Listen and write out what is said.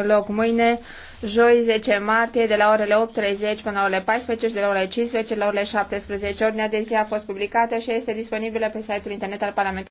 loc mâine, joi 10 martie, de la orele 8.30 până la orele 14 și de la orele 15 la orele 17. Ordinea de zi a fost publicată și este disponibilă pe site-ul internet al Parlamentului.